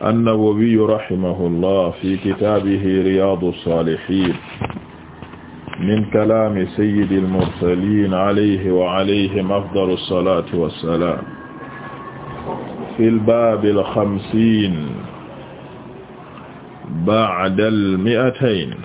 an-Nawawi rahimahullah fi kitaabihi Riyaadu s-Saalihiin min kalaami sayyidil mursaliin alayhi wa alayhim afdalu s-salaati wa s-salaam fil baabil xamsiin ba'dal mi'atayn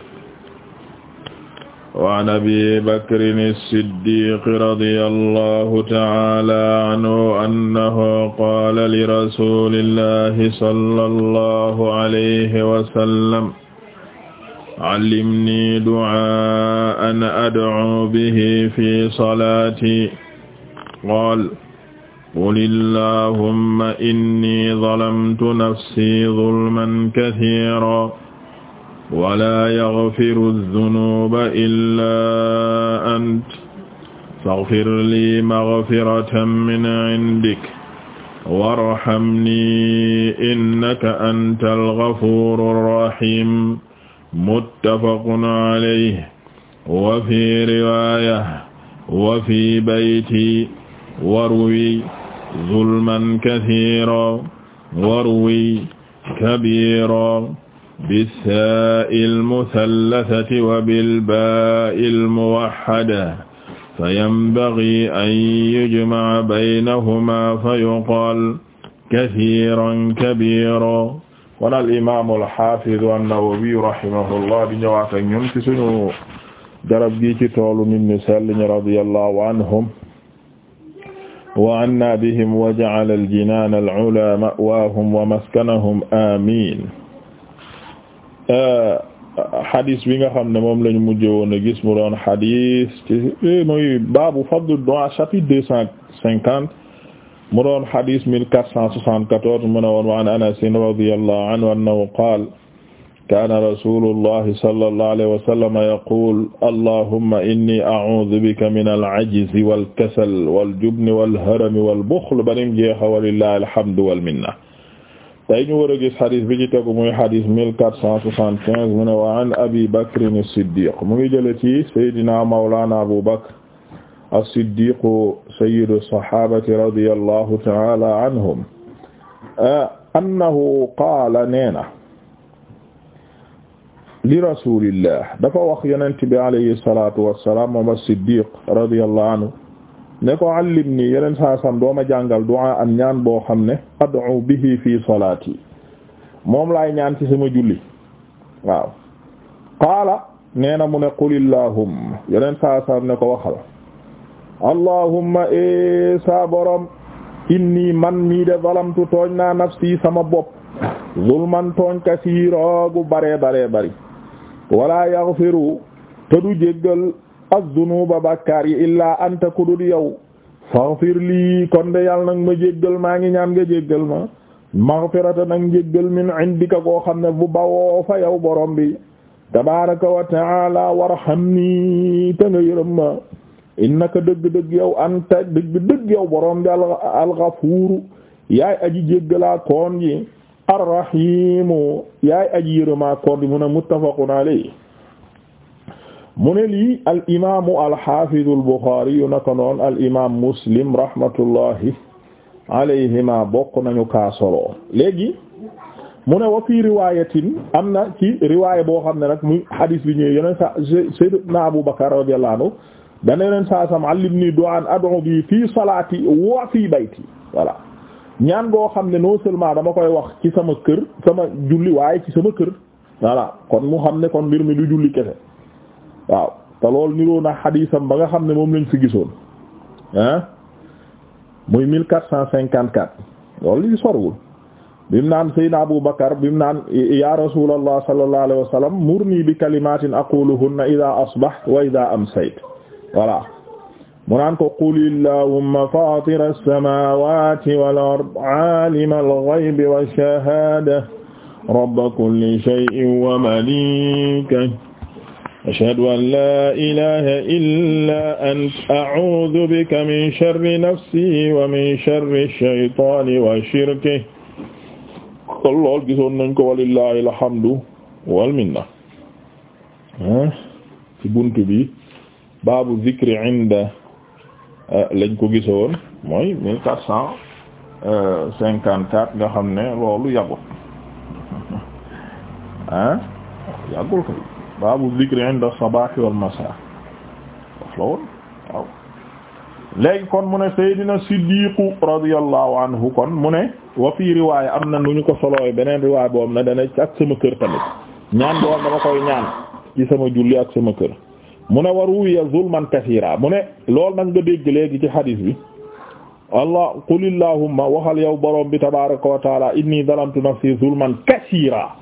waan abi bakrin as-siddiq radiyallahu ta'ala anhu annahu qaala li rasulillahi sallallahu alayhi wa sallam allimni du'aa'an ad'u bihi fi salaati qaala qul allahumma inni zalamtu nafsi zulman kathiran wala yaghfiru dhunuba illaa ant faghfir lii maghfiratan min indik warhamni innaka antal ghafuurur rahiim muttafaqun alayhi wa fi riwaaya wa fi bayti warwi zulman kathiira warwi kabiira بالثاء المثلثة وبالباء الموحدة فينبغي أن يجمع بينهما فيقال كثيرا كبيرا kon al imaam al haafiz an-Nawawi rahimahullah di ñëwaat ak ñun ci suñu garab gi ci toolu nit ñu sell ñi radiyallahu anhum wa anna bihim wa ja'ala al-jinaan al-'ulaa ma'waahum wa maskanahum amiin Euh, xadis bi nga xam ne moom lañu mujj woon a gis mu doon xadis ci mooy baabu fadlu du'a chapitre deux cent cinquante mu doon xadis mille quatre cent soixante-quatorze mu ne woon wa an Anas radiyallahu anhu annahu qaala kaana rasuulullahi sallallahu alayhi wa sallam yaquulu allahumma inni a'uudu bika min al-'ajzi wal-kasali wal-jubni wal-harami wal-buxli ba nim jeexa wa lillahi alhamdu wal minna tey ñu war a gis xadis bi ci tegu muy xadis mille quatre cent soixante-quinze mu ne wa an abi bakr as-siddiq mu ngi jële ci saydina mawlana abu bakr as-siddiq sayyidu sahabati radiyallahu ta'ala anhum annahu qaala neena li rasulillah dafa wax yonent bi alayhi salatu wassalam moom as-siddiq radiyallahu anhu ne ko allim nii yeneen saa sam doo ma jàngal du'a an ñaan boo xam ne ad'u bihi fi salaati moom laay ñaan ci sama julli waaw qaala nee na mu ne qulillahumma yeneen saa sam ne ko waxal allahumma e sa inni man mii de zalamtu tooñ naa nafsi sama bopp zulman tooñ kasiiroogu bare bare bari wala yaghfiru te du jéggal az-zunuba bàkkaar yi illaa anta kudul yow faghfir lii kon de yàlla nag ma jéggal maa ngi ñaan nga jéggal ma maghfirata nag jéggal min indika koo xam ne bu bawoo fa yow borom bi tabaraka wa taala warhamni te nga yërëm ma innaka dëgg-dëgg yow anta dëgg-dëgg yow borom bi al-ghafuuru yaay aji jéggalaa koon ji ar-rahiimu yaay aji yërëmaa koon ji mun a muttafaqun mu ne lii al imaamu al xaafidu al buxaari yu naka noon al imaam muslim rahmatullahi alayhima bokk nañu kaa léegi mu ne wa fii riwaayatin am na ci riwaaya boo xam ne nag muy hadis bi ñëwee yeneen sa sayyidina Abu Bakar radiyallahu anhu dana yeneen saa sam allimni du'an ad'u bi fii salaati wa fii bayti voilà ñaan goo xam ne non seulement dama koy wax ci sama kër sama julli waaye ci sama kër voilà kon mu xam ne kon mbir mi du julli kese. waaw te loolu niroo na xadiisam ba nga xam ne moom lañ fi gisoon ah muy mille quatre cent cinquante quatre loolu li sorwul bim naan Seydina Abu Bakar bim naan ya rasulallah sallallahu alayhi wa sallam murni bi kalimatin aquluhunna ida asbaht wa ida amsayt voilà mu naan ko qul allahumma fatira as-samawati wal ard alima al-ghaybi wash-shahada rabba kulli shay'in wa malika ashhadu an laa ilaaha illaa anta a'uudu bika min sharri nafsii wa min sharri shaytaani wa shirkihi kon lool gisoon nañ ko walillaahi alhamdu wal minna ci bunt bi baabu zikri inda euh, lañ ko gisoon mooy mille quatre cent cinquante-quatre nga xam ne loolu yàggul ah yàggul kay baabu zikri inda sabaahi wal masaa foofu la woon waaw léegi kon mu ne Seydina Siddiqu radiyallahu anhu kon mu ne wa fii riwaaya am na nu ñu ko solooy beneen riwaaya boobu na dana ci ak sama kër tamit ñaan boobu dama ko ñaan ci sama julli ak sama kër mu ne waruwiya zulman kasiira mu ne loolu nag nga dégg léegi ci hadis bi allah qulillahumma waxal yow borom bi tabaaraka wa taala inni zalamtu nafsi zulman kasiira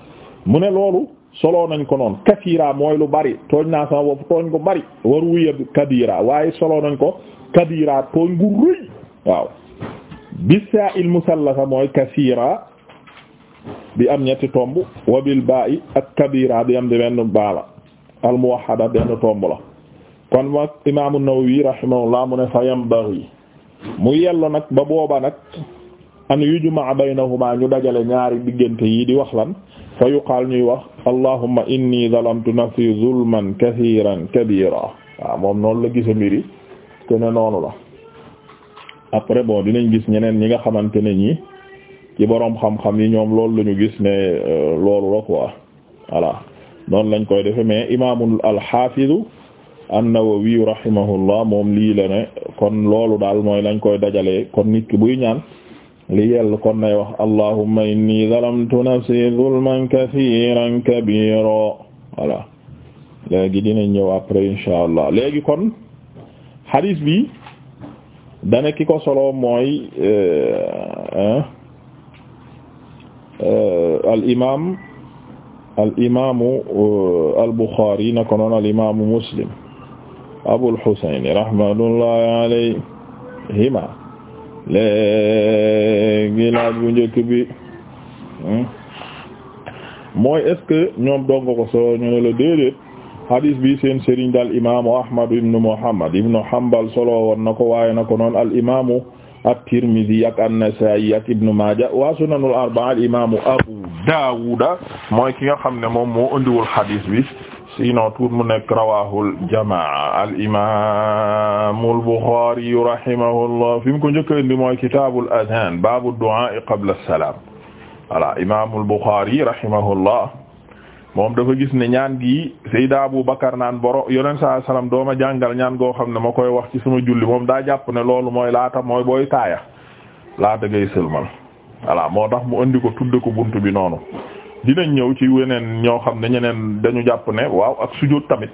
mu ne loolu solo nañ ko noon kasiira mooy lu bari tooñ naa sama bopp tooñ ko bari war wuya kabira waaye solo nañ ko kabira tooñ gu rëy waaw bisa il musallasa mooy kasiira bi am ñetti tomb wabil ba'i ak kabira bi am di benn baala al muwahhada benn tomb la kon ma imaamu Nawawi rahimahullah mu ne fa yambaghi mu yello nag ba booba nag an yujma baynahuma ñu dajale ñaari diggante yii di wax lan fa yuqaal ñuy wax allahumma inni zalamtu nafsi zulman kathiran kabira waaw moom noonu la gisa mbiri te ne noonu la après bon dinañ gis ñeneen ñi nga xamante ne ñi ci boroom xam-xam yi ñoom loolu lañu gis ne euh, loolu la quoi voilà noonu lañ koy defe mais imaamul alxaafidu an-Nawawi rahimahullah moom lii la ne kon loolu daal mooy lañ koy dajalee kon nit ki buy ñaan li yell kon nay wax allahumma inni zalamtu nafsi zulman kathiran kabira voilà léegi dina ñëw après insha allah léegi kon hadis bi dana ki ko solo mooy euh, euh, al imaam al imaamu euh, al buxaari na ko noon al imaamu muslim abul husayn rahmatullahi alayhima léegi laaj bu njëkk bi hmm? mooy est-ce que ñoom dong ko solo ñu ne la déedéet bi seen sëriñ daal imaamu Ahmad ibn Muhammad ibn Hanbal solo woon ko waaye na ko noon al imaamu at-Tirmidhi ak an-Nasa'i Maaja wa sunanul arba'a al imaamu Abu Daawuda mooy ki nga xam ne moom moo andiwul hadis bi. sinon tuut mu nekk rawahul jamaa al imam al Bukhari rahimahullah fi mu ko njëkk indi mooy kitaabul adhan baabu du'a qabla salaam voilà imam al Bukhari rahimahullah moom dafa gis ne ñaan gi Seydina Abu Bakar naan boro yoneen saa salaam dooma jàngal ñaan goo xam ne ma koy wax ci sama julli moom daa jàpp ne loolu mooy laata mooy booy taaya laata ngay sëlmal voilà moo tax mu indi ko tudde ko buntu bi noonu dinañ ñëw ci weneen ñoo xam ne ñeneen dañu jàpp ne waaw ak sujjóot tamit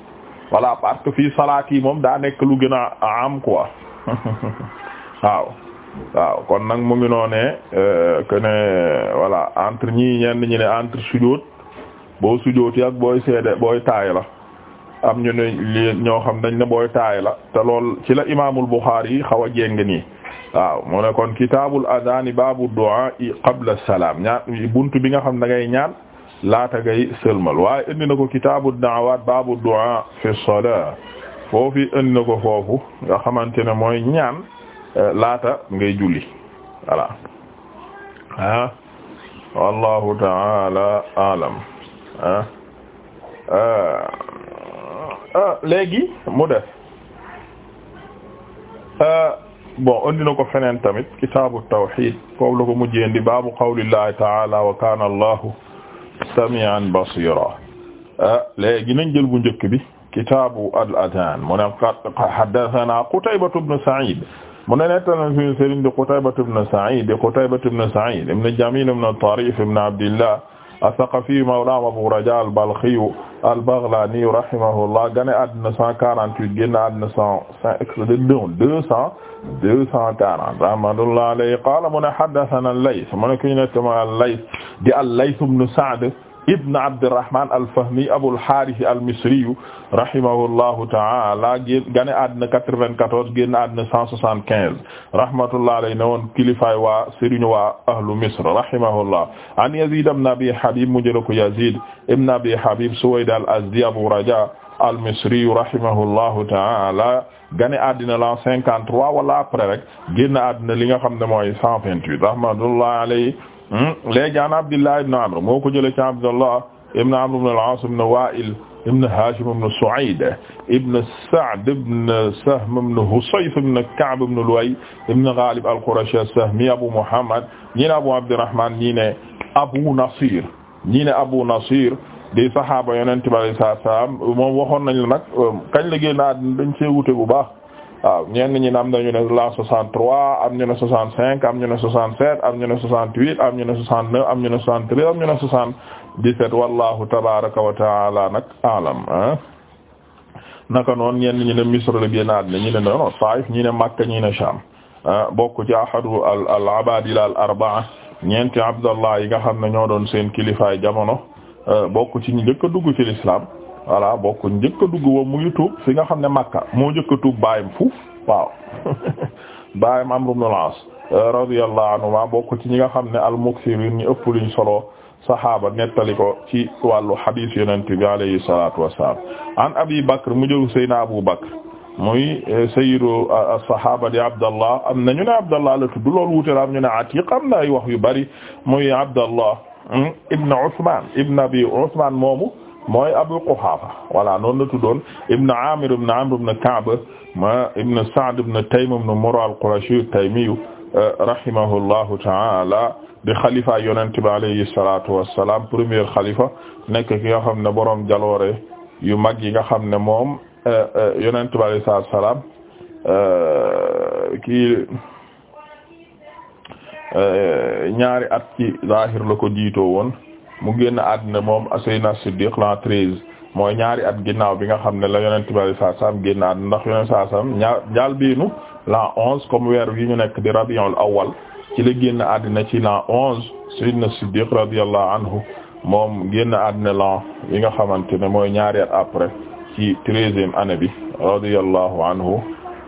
voilà parce que fii salaat yi moom daa nekk lu gën a am quoi waaw waaw kon nag mu ngi noonee euh, que ne voilà entre ñii ñenn ñi ne entre sujjóot boo sujjóoti ak booy seede booy taay la am ñu ne ñoo xam dañ ne booy la te lool ci la imaamul Buxaari yi xaw a jéng nii waaw mu ne kon kitaabul adaan baabu du'a qabla salaam ñaar buntu bi nga xam da ngay ñaan laata ngay sëlmal waaye indi na ko kitaabu da'awaat baabu du'a fi salaa foofu indi na ko foofu nga xamante ne mooy ñaan eh, laata ngay julli voilà ah wallahu ta'ala a'lam ah. Ah, léegi mu def ah, bon andi na ko feneen tamit kitaabu tawhid foofu la ko mujjee ndi baabu qawlillahi ta'ala wa kana allahu sami'an basira ah, léegi nañ jël bu njëkk bi kitaabu al adhan mu ne haddathana qutaybatu ibn sa'id mu ne nettana fi sëriñ di qutaybatu ibn sa'id qutaybatu ibn sa'id ibn jamil ibn tarif ibn abdillah as-Saqafi mawlaam Abu Rajaa al-Balkhi al-Baghlani rahimahullah gane àddina 148 génn àddina 200 240 rahmatullahi alayhi qaala mu ne haddathanaa al-Layth mu ne ku ñu ne al-Layth di al-Layth ibn Sa'd ibn Abdirahman al-Fahmi Abul Haaris al-Misri rahimahullahu ta'ala gane àddina 94 génn àddina 175 rahmatullahi alayhi ne woon kilifaay waa sëriñu waa ahlu Misr rahimahullah an Yazid ibn Abi Habib mu jël ko Yazid ibn Abi Habib Suwayd al-Azdi Abu Raja al-Misri rahimahullahu ta'ala gane àddina la 53 wala après rek génn àddina li nga xam ne mooy 128 rahmatullahi alayhi Hmm? léegi an Abdullah ibn Amr moo ko jëlee ci Abdullah ibn Amr ibn al-As ibn Wa'il ibn Hashim ibn Su'ayd ibn Sa'd ibn Sahm ibn Husayf ibn Ka'b ibn Lu'ay ibn Ghalib al-Qurashi as-Sahmi Abu Muhammad ñi ne Abu Abdurrahman ñi Nasir ñi Abu Nasir di sahaaba Yonent bi sallallahu alayhi wa sallam moom waxoon nañ la nag kañ la génn àddina wute bu baax waaw ñenn ñi am ñu ne la 63 am ñu ne 65 am ñu ne 67 am ñu ne 68 am ñu ne 69 am ñu ne 73 am ñu ne 77 wallahu tabaraka wa taala nag alam ah naka noonu ñenn ñi ne Misr la génn àddina ñi ne non Taif ñi ne Makka ñi ne Sham bokk ci ahadu al al abadila al arbaa ñeenti abdallah yi nga xam ne ñoo doon seen kilifaay jamono bokku ci ñu njëkk a dugg ci l'islam voilà bokk njëkk a dugg ba fi nga xam ne Makka moo njëkk a tuub baayam fuuf waaw baayam Amr ibn al-As euh, radiyallahu anhu ci ñi nga xam ne al-mukthirun ñi ëpp luñ solo saxaaba nettali ko ci wàllu xadiis yonent bi alayhi salaatu wassalaam an Abi Bakr mu jël Seydina Abu Bakr muy euh, sayyidu euh, as-saxaaba di Abdallah am na ñu ne Abdallah la tudd loolu wuute la ñu ne Atiq am na ay wax yu bari muy Abdallah hmm, ibn Usmaan Abi Usmaan moomu. mooy Abu Quhafa voilà noonu la tuddoon ibn Amir ibn Amr ibn Ka'b ma ibn Sa'd ibn Taym ibn Murra al-Qurashi at-Taymi uh, ta'ala di xalifa yonent bi alayhi salatu wassalam premier xalifa nekk ki nga ne borom jaloore yu mag yi nga xam ne moom uh, uh, yonent bi alayhi salatu wassalam kii ñaari at ci zahir la ko jiitoo woon mu génn àddina moom Seydina Siddiq l'an treize mooy ñaari at ginnaaw bi nga xam ne la yonent bi saa saam génn àddina ndax yonent saa saam ñaal jaal biinu l'an onze comme weer wi ñu nekk di rabiul awwal ci la génn àddina ci l'an onze Seydina Siddiq radiyallahu anhu moom génn àddina l'an yi nga xamante ne mooy ñaari at après ci treizième année bi radiyallahu anhu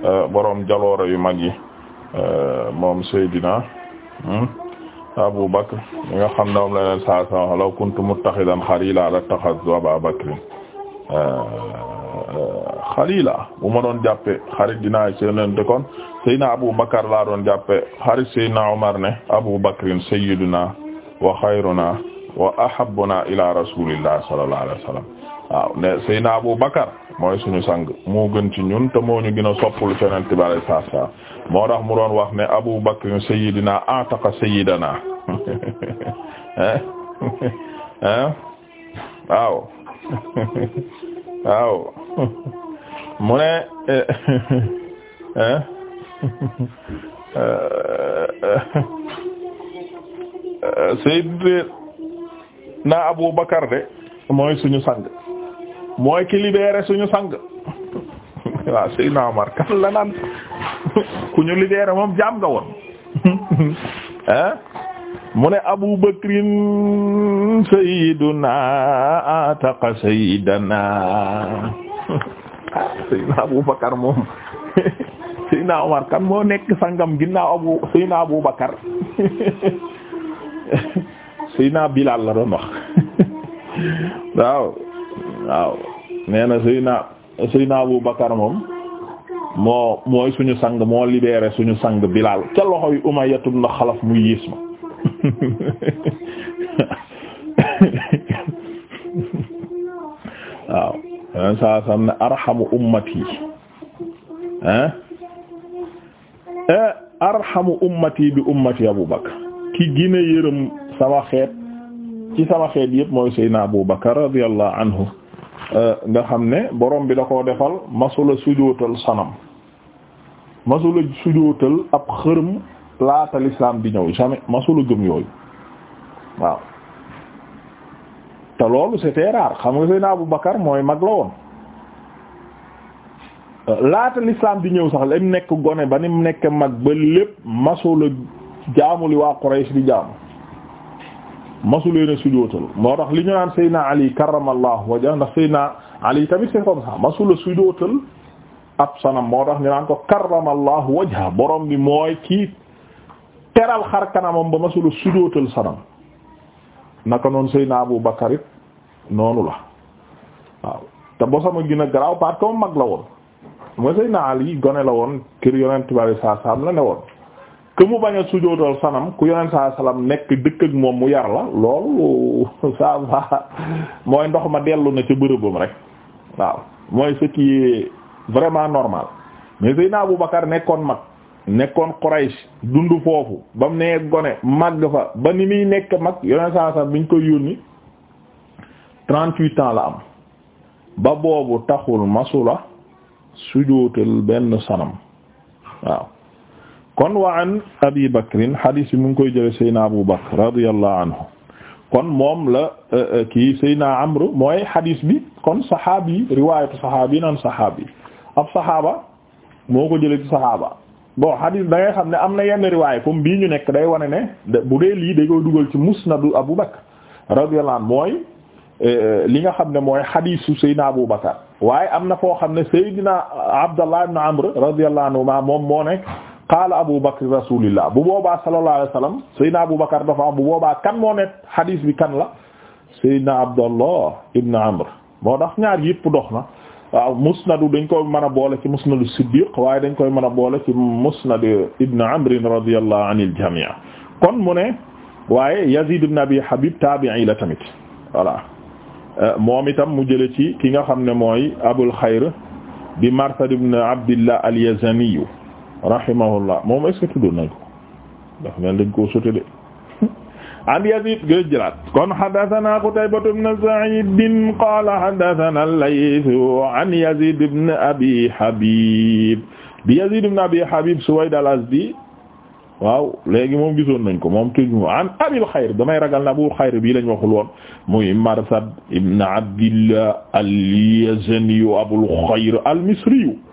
euh, borom jaloore yu mag yi euh, moom Seydina. Hmm? Abu Bakr mi nga xam ne moom la leen saa saa law kuntu muttaxidan xalila lattaxaztu Aba Bakrin xalila bu ma doon jàppe xarit dinaa seenante kon Seydina Abu Bakr laa doon jàppe xarit Seydina Umar ne Abu Bakrin sayyiduna wa Bakr mooy suñu sang moo gën ci ñun te moo ñu gën a soppul feneen moo tax mu doon wax ne Abu Bakr sayyidina ataqa sayyidana ah waaw waaw mu ne sayyidina Abu Bakr de mooy suñu sang mooy ki suñu sang waaw sayyidina Umar kan la naan ku ñu libéré moom jaam nga woon ah mu ne Abu Bakrin sayyiduna ataqa sayyidana sayyidina Abu Bakar moom sayyidina Umar kan moo nekk sangam ginnaaw Abu sayyidina Abu Bakar sayyidina Bilal la doon waaw waaw nee na sayyidina Abu Bakar moom moo mooy suñu sang moo libéré suñu sang Bilaal ca loxo yi Umayya ibn Xalaf mu yiis ma waaw leen saa sam ne arhamu ummati hein eh, arhamu ummati bi ummati Abu Bakr ki gina yërëm sama xeet ci sama xeet yépp mooy Seydina Abu Bakr radiyallahu anhu nga xam ne borom bi da ko defal masula sujootal sanam masula sujootal ab xërëm laata l'islam di ñëw jamais masula gëm yooyu waaw te loolu c'était rare xam nga Seydina Abu Bakar mooy mag la woon laata l'islam di ñëw sax la nekk gone ba ni mu nekk mag ba lépp masula jaamu li waa Quraysh di jaamu masuleen a sujootal moo tax li ñu naan Seydina Ali karramallahu wajhahu ndax Seydina Ali tamit c'est comme ça masula sujootal ab sanam moo tax ñu naan ko karramallahu wajhahu borom bi mooy kii teral xar kanamam ba masula sujootal sanam naka noonu Seydina Abu Bakar it noonu la waaw te bosama gën a garaaw parce que mag la woon mooy Seydina Ali gone la woon kër yonent bi sallallahu alayhi la ne woon que mu bañ a sujootal sanam ku yonent saa salaam nekk dëkk ak moom mu yar la loolu ça va mooy ndox ma dellu na ca bërëbam rek waaw mooy ce qui est normal mais naa bu Bakar nekkoon mag nekkoon Quraysh dund foofu ba mu nee gone màgg fa ba ni muy nekk mag yonent saa salaam bi ñu koy yónni trente-huit ans la am ba boobu taxul la sujootal benn sanam waaw kon wa an abi bakrin hadis bi mu ngi koy jële saydna abu bakr radiyallahu anhu kon moom la euh, euh, kii saydna amr mooy hadis bi kon saxaabi riwaayatu saxaabi naan saxaabi ab saxaaba moo ko jële ci saxaaba bon hadis da xam ne am na yenn riwaay comme bii ñu nekk day wane ne bu dee lii da koy dugal ci musnadu abu bakr radiyallahu anhu mooy euh, li nga xam ne mooy hadisu saydna abu bakr waaye am na koo xam ne saydna abdallah ibn amr radiyallahu anhu moom moo nekk qaala Abu Bakr rasulillah bu boobaa sallallahu alayhi wa sallam Seydina Abu Bakr dafa am bu boobaa kan moo nekk hadith bi kan la Seydina Abdallah Ibn Amr moo tax ñaar yëpp dox na waaw musnadu dañ koy mën a boole ci musnadu Siddiq waaye dañ koy mën a boole ci musnadu Ibn Amr radiyallahu anil jamii kon mu ne waaye Yazid ibn Abi Habib taabi'i la tamit voilà moom itam mu jële ci ki nga xam ne mooy Abul Xayr di Marsad ibn Abdillah al-Yazaniyu rahimahullah moom est-ce que tuddoon nañ ko daf mel dañ koo sote de an Yazid gëj jëlaat kon haddathana Qutaybatu ibn Sa'id qala haddathana al-Layth an Yazid ibn Abi Habib bi Yazid ibn Abi Habib Suwayd al-Azdi waaw léegi moom gisoon nañ ko moom tuju an Abil Khayr damay ragal na Abu Khayr bii lañ waxul woon muy Marsad ibn Abdillah al-Yazani Abul Khayr al-Misri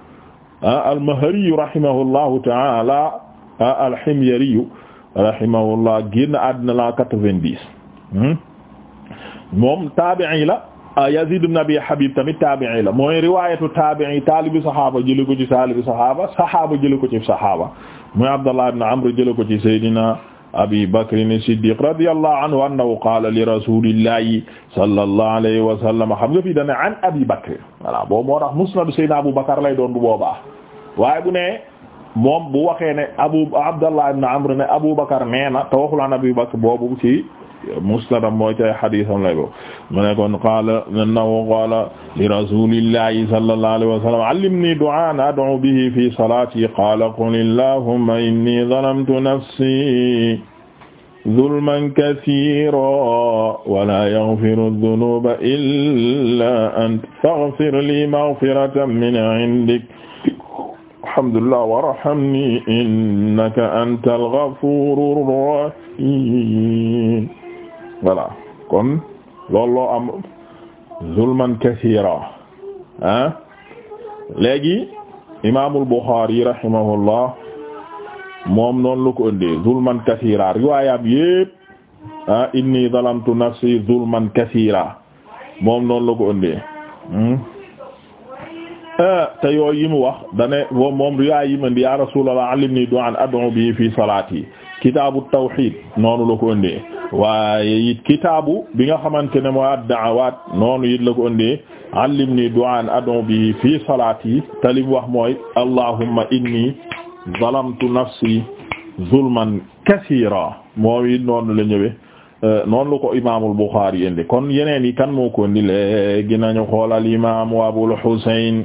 Ah, al-Mahri rahimahullahu ta'ala ah, al-Himyari rahimahullah génn àddina la quatre-vingt-dix hmm? moom taabi'i la ah, Yazid ibn Abi Habib tamit taabi'i la mooy riwaayatu taabi'i taalibi saxaaba jëlee ko ci taalibi saxaaba saxaaba jëlee ko ci saxaaba mooy Abdallah ibn Amr jëlee ko ci Seydina abi bakrin siddiq radiyallahu anhu annahu qaala li rasulillahi sallallahu alayhi wa sallam xam nga fii dane an abi bakrin voilà boobu moo tax musnad sayyidina abu bakar lay doon bu boobaa waaye bu ne moom bu waxee ne abu abdallah ibn amr ne abu bakar nee na te waxul an abi bakr boobu ci musnadam mooy cay xadisam lay bo mu ne kon qaala annahu qaala li rasulillahi sallallahu alayhi wa sallam allimni du'an ad'u bihi fi salati qaala qul allahumma inni zalamtu nafsi zulman kasiiran wa laa yaghfiru dhunuba illaa anta faghfir lii maghfiratan min 'indik alhamdulillah warhamni innaka antal ghafuurur rahiim voilà kon loolu loo am zulman kathira ah léegi imaamul Bukhari moom noonu la ko ëndee zulman kathira riwaayaam yépp inni zalamtu nafsi zulman kathira moom noonu la ko ëndee hmm? eh, te yooyu yi mu wax dane moom riwaay yi ma ndi ya rasulallah allimni du'an fi salati kitaabu tawhid noonu la ko ëndee waaye kitaabu bi nga xamante ne mooy ad-da'awaat noonu it la ko ëndee allimni du'aan ad'u bihi fi salaati talim wax mooy allahumma inni zalamtu nafsi zulman kasiira moom it noonu la ñëwee euh, noonu la ko imaamul Buxaari kon yeneen yi kan moo ko ëndi léegi nañu xoolal imaamu Abul Husayn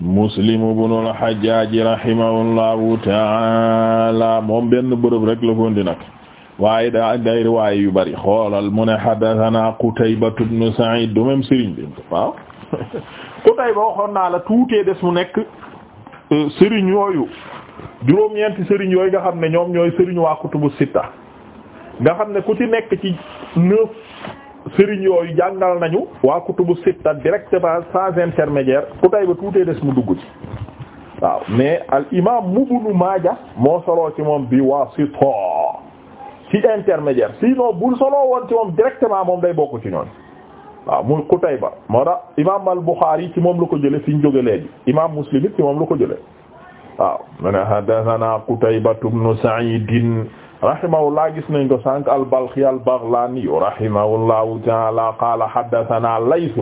Muslim ibn al-Hajjaj rahimahullahu ta'ala moom benn bërëb rek la ko indi waaye daa ak day yu bari xoolal mu ne haddathana Qutayba ibn du même Serigne bi waaw Qutayba waxoon naa la tuutee des mu nekk euh, sëriñ yooyu juróom-ñeenti Serigne yooyu nga xam ne ñoom ñooy sëriñ waa kutubu sitta nga xam ne ku ci nekk ci neuf sëriñ yooyu jàngal nañu waa kutubu sitta directement sans intermédiaire ku tay ba tuutee des mu dugg ci waaw mais al imam Ibnu Maaja moo soloo ci moom bi waa wasita ci intermédiaire sinon bul soloo woon ci moom directement moom day bokku ci ñoon waaw muy Qutayba moo tax imaam al-Bukhari ci moom la ko jëlee fi ñu jóge léegi imaam Muslim it ci moom la ko jëlee waaw mu ne haddathana Qutayba ibn Sa'id rahimahullah gis nañ ko sànq al-Balkhi al-Baghlani rahimahullahu ta'ala qaala haddathana Layth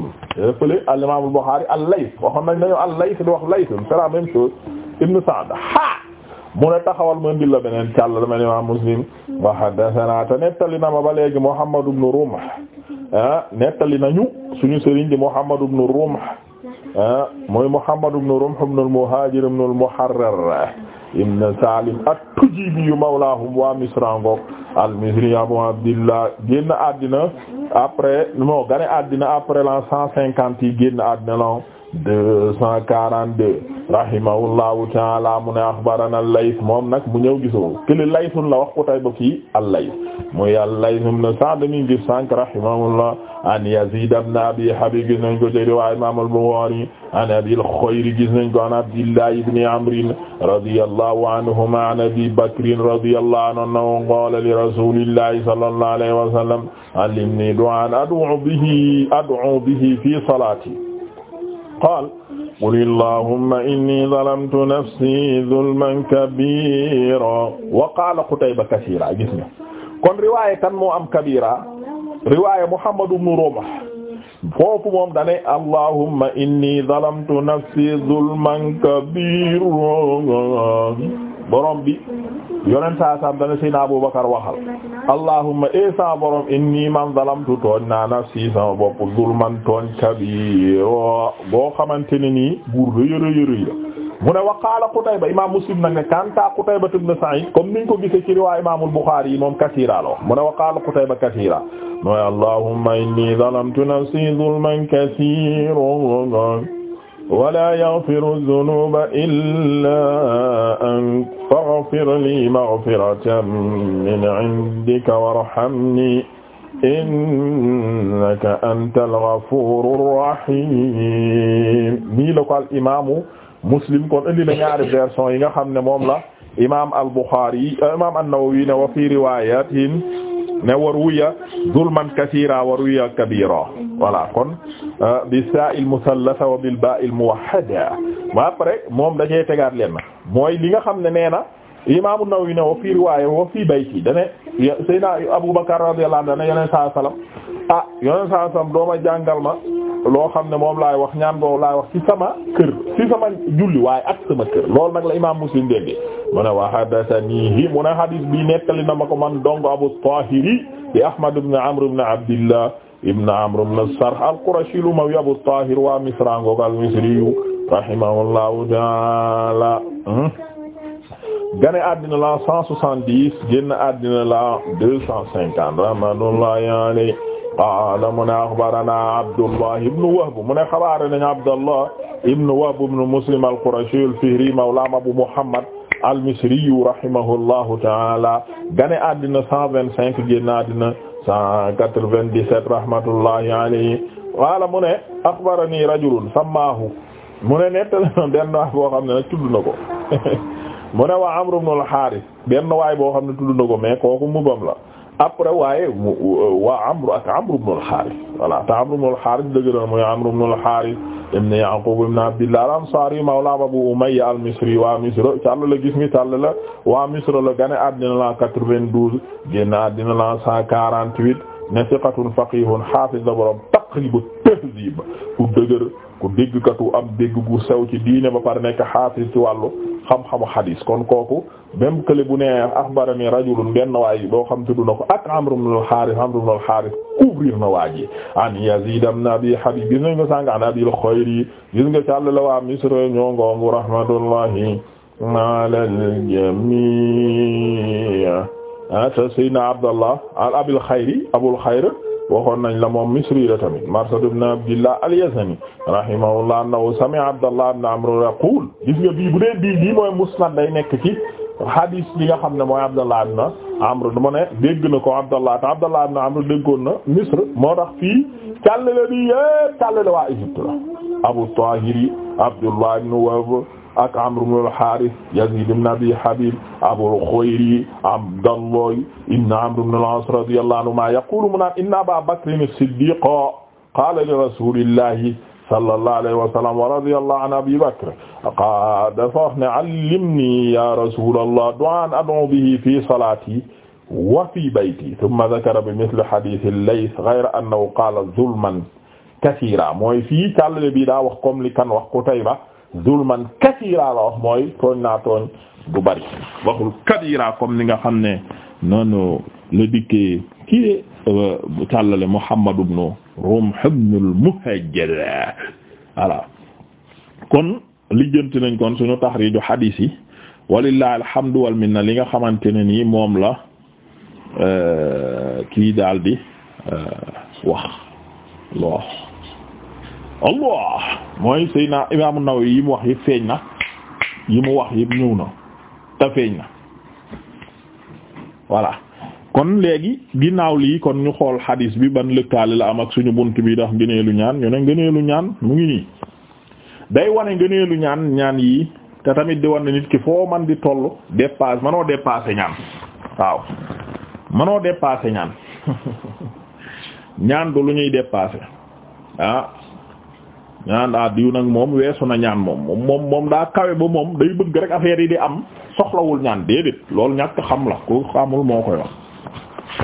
al-imam al-Bukhari al-Layth waxoon nañ al-Layth di wax Layth c'est la même chose Ibn Sa'd ha mu ne taxawal ma ndil la beneen càll dama imam Muslim wa haddathana te nettali na ma ba léegi Muhammad ibn Rumh nettali nañu suñu sëriñ di Muhammad ibn Rumh mooy Muhammad ibn al-Muhajir ibn ibn Salim at-Tujibi mawlaahum waa Misra ngoog al-Misri Abu Abdillah génn àddina après moo gane àddina après l'an cent cinquante yi génn àddina la deux cent quarante deux rahimahullahu taala mu ne axbarana al-Layth moom nag mu ñëw gisoo kële Laythun la wax ko tay ba fii al-Layth muy al-Layth ibn Sa'd mi gis sànq rahimahullah an Yazid ibn Abi Habib gis nañ ko ci riwaaya Imam al-Bukhari an Abil Khayr gis nañ ko an Abdillah ibn Amr radiyallahu anhuma an Abi Bakr radiyallahu anhu qala li rasulillahi sallallahu alayhi wa sallam allimni du'an ad'u bihi ad'u bihi fi salati qaal qul allahumma inni zalamtu nafsi zulman kabira wa qaala qutayba kasiira gis nga kon riwaayé kan moo am kabira riwaayé muhammad ibn rumah foofu moom dane allahumma inni zalamtu nafsi zulman kabira borom bi yonent saa saam dana Seydina Abubakar waxal allahumma ee saa borom inni man zalamtu tooñ naa nafsi sama bopp zulman tooñ kabiro boo xamante ne nii buur rëy rëy rëy mu ne wa qaala Qutayba imaam Muslim nag ne kanta Qutayba ibn Sa'id comme niñ ko gisee ci riwaa imaamul Buxaari yi moom kasiira la wax mu ne wa qaala Qutayba kasiira mooy allahumma inni zalamtu nafsi zulman kasiiran wala yaghfiru dhunuba illa ant faghfir li maghfiratan min 'indika warhamni innaka antal ghafurur rahim nii la ko al imaamu Muslim kon indi na ñaari version yi nga xam ne moom la imaam al-Bukhari euh, imaam an-Nawawi ne wa fi riwayatin ne wa ruwiya zulman kathira wa ruwiya kabira voilà kon euh, bi saa il musallatha wa bil ba il muwahhada ba pare moom dañuy tegaat leen mooy li nga xam ne nee na imaamu Nawawi ne wa fii riwaaya wa fii bayti dane sayna Abu Bakar radiyallahu anhu dane yoneen saa sallam ah yoneen saa sallam dooma jàngal ma loo xam ne moom laay wax ñaan boobu laay wax ci sama kër ci sama julli waaye ak sama kër loolu nag la imaam Muslim dégg mu ne wa haddathanihi mu ne hadis bi nettali na ma ko man dong Abu Tahiri di Ahmad ibn Amr ibn Abdillah ibn Amr ibn Sarh al-Qurashi al-Umawi Abu Tahir wa misrango al-Misri rahimahullahu ta'ala gane addina la 170 génn addina la 250 rahmatullahi alayhi qaala mu ne axbarana Abdullah ibn Wahb mu ne xabaare nañu Abdullah ibn Wahb ibn Muslim al-Qurashi al-Fihri mawlaam Abu Muhammad al-Misri rahimahullahu ta'ala gane addina 125 génn addina cent quatre-vingt-dix-sept rahmatullahi alayhi waala mu ne axbarani rajulun samaahu mu ne nettali na benn waay boo xam ne nag tudd na ko mu ne waa Amru ibn al-Harith benn waay boo xam ne tudd na ko mais kooku mubam la après waaye waa Amr ak Amr ibn al-Harith voilà te Amr ibn al-Harith dëgg la mooy Amr ibn al-Harith ibn Yaqub ibn Abdillah al-Ansari mawla Abu Umayya al-Misri waa Misra càll la gis mi càll la waa Misra la gane àddina la 92 génn àddina la 148 ne thiqatun faqihun hafiz la borom Taqrib at-Tahdhib ku dëgër ku déggkatu am dégg gu sew ci diine ba pare nekk hafiz ci wàllu xam-xamu xadiis kon kooku même kële bu ne axbarani rajulun benn waay boo xam tudd na ko ak Amr ibn al-Harith na waa ji an Yazid ibn Abi Habib gis nañ ko sàng an Abil gis nga càll la waa Misra ñoo ngoongu rahmatullahi ala al-jami' ata sayyidina Abdallah al Abil Khayri Abul Khayr waxoon nañ la moom misri la tamit Marsad ibn Abdillah al-Yazani rahimahullah annahu sami'a Abdallah ibn Amr yaqul gis nga bii bu dee bii bii mooy musnad day nekk ci hadis bi nga xam ne mooy Abdallah ibn Amr du ma ne dégg na ko Abdallah te Abdallah ibn Amr déggoon na moo tax fii càllale bi yépp càllale waa Égypte la Abu Tahir Abdullah ibn Wahb ak Amr ibn al-Harith Yazid ibn Abi Habib Abul Khuyri Abdallah ibn Amr ibn al-As radiyallahu anhu ma yaqulu mu naan inna Aba Bakrin as-Siddiq qala li rasulillahi sallallahu alayhi wa sallam wa radiyallahu an Abi Bakr dafa wax ne allimni ya rasulallah du'an ad'u bihi fi salati wa fi bayti thumma dhakara bi mithli hadith al-Layth ghayra annahu qala zulman kathira mooy fii càllale bi daa wax comme li kan wax Qutayba zulman kasiira la wax mooy tooñ naa tooñ bari waxul kabira comme ni nga xam ne noonu la dikkee kii tàllale euh, Muhammad ibn Rumh ibn al-Muhajir voilà kon lijjanti nañ kon suñu taxriiju xadiis yi walillahi alhamdu wal minna li nga xamante ne nii moom la euh, ki daal di euh, wax allah mooy Seydina Imaam an yi mu wax yi feeñ na yi mu wax yëpp ñëw na te feeñ na voilà kon léegi ginnaaw lii kon ñu xool xadiis bi ban lëkkaale la am ak suñu bunt bi ndax ngëneelu ñaan ñu ne ngëneelu ñaan mu ngi nii day wane ngëneelu ñaan ñaan yi te tamit di na nit ki foo man di toll dépasse manoo dépassé ñaan waaw manoo dépassé ñaan ñaan du lu ñuy dépassé ah ñaan ah diw nag moom weesu na ñaan moom moom moom moom daa kawe ba moom day bëgg rek affaire yi di am soxlawul ñaan déedéet loolu ñàkk xam la ko xamul moo koy wax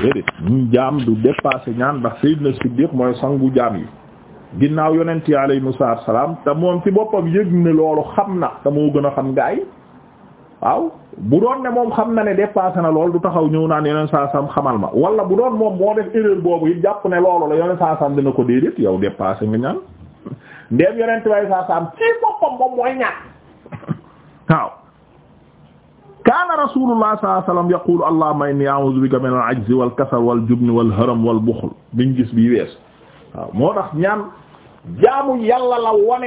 déedéet ñu jaam du dépassé ñaan ndax Sayyidna Siddiq mooy sangu jaam yi ginnaaw yonent yi alayhimu salaam te moom ci boppam yëg ne loolu xam na te moo gën a xam gaa yi waaw bu doon ne moom xam na ne dépassé na loolu du taxaw ñëw naan yeneen saasam xamal ma wala bu doon moom moo def erreur boobu it jàpp ne loolu la yeneen saasam dina ko déedéet yow ñaan ndeem yonent way saa saam ci boppam moom mooy ñaan waaw kaana rasulullah sallallahu alayhi wasallam yaqulu allahumma inni a'udhu bika min al-'ajzi wal-kasal wal-jubni wal-haram wal-bukhl biñ gis bii wees waaw moo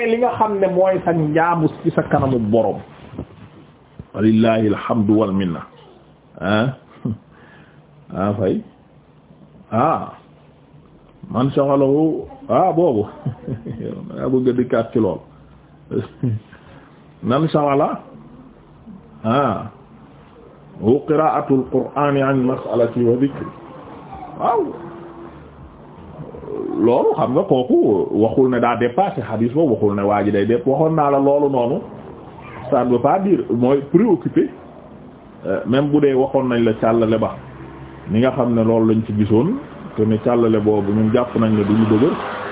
li nga xam ne mooy sa njaamu ci sa kanamu borom alhamdu wal minna ah, ah man saxalawu ah boobu daa bëgg a dikkaat ci lool man saxala ah wu qiraatul qur'aani an mas'alati wa dhikri waaw loolu xam nga kooku waxul ne daa dépassé xadiis boobu waxul ne waa ji day dépp waxoon naa la loolu noonu ça ne pas dire mooy préoccupé euh, même bu dee waxoon nañ la càllale ba ni nga xam ne loolu lañ ci gisoon te ne càllale boobu ñun jàpp nañ ne du ñu dëgër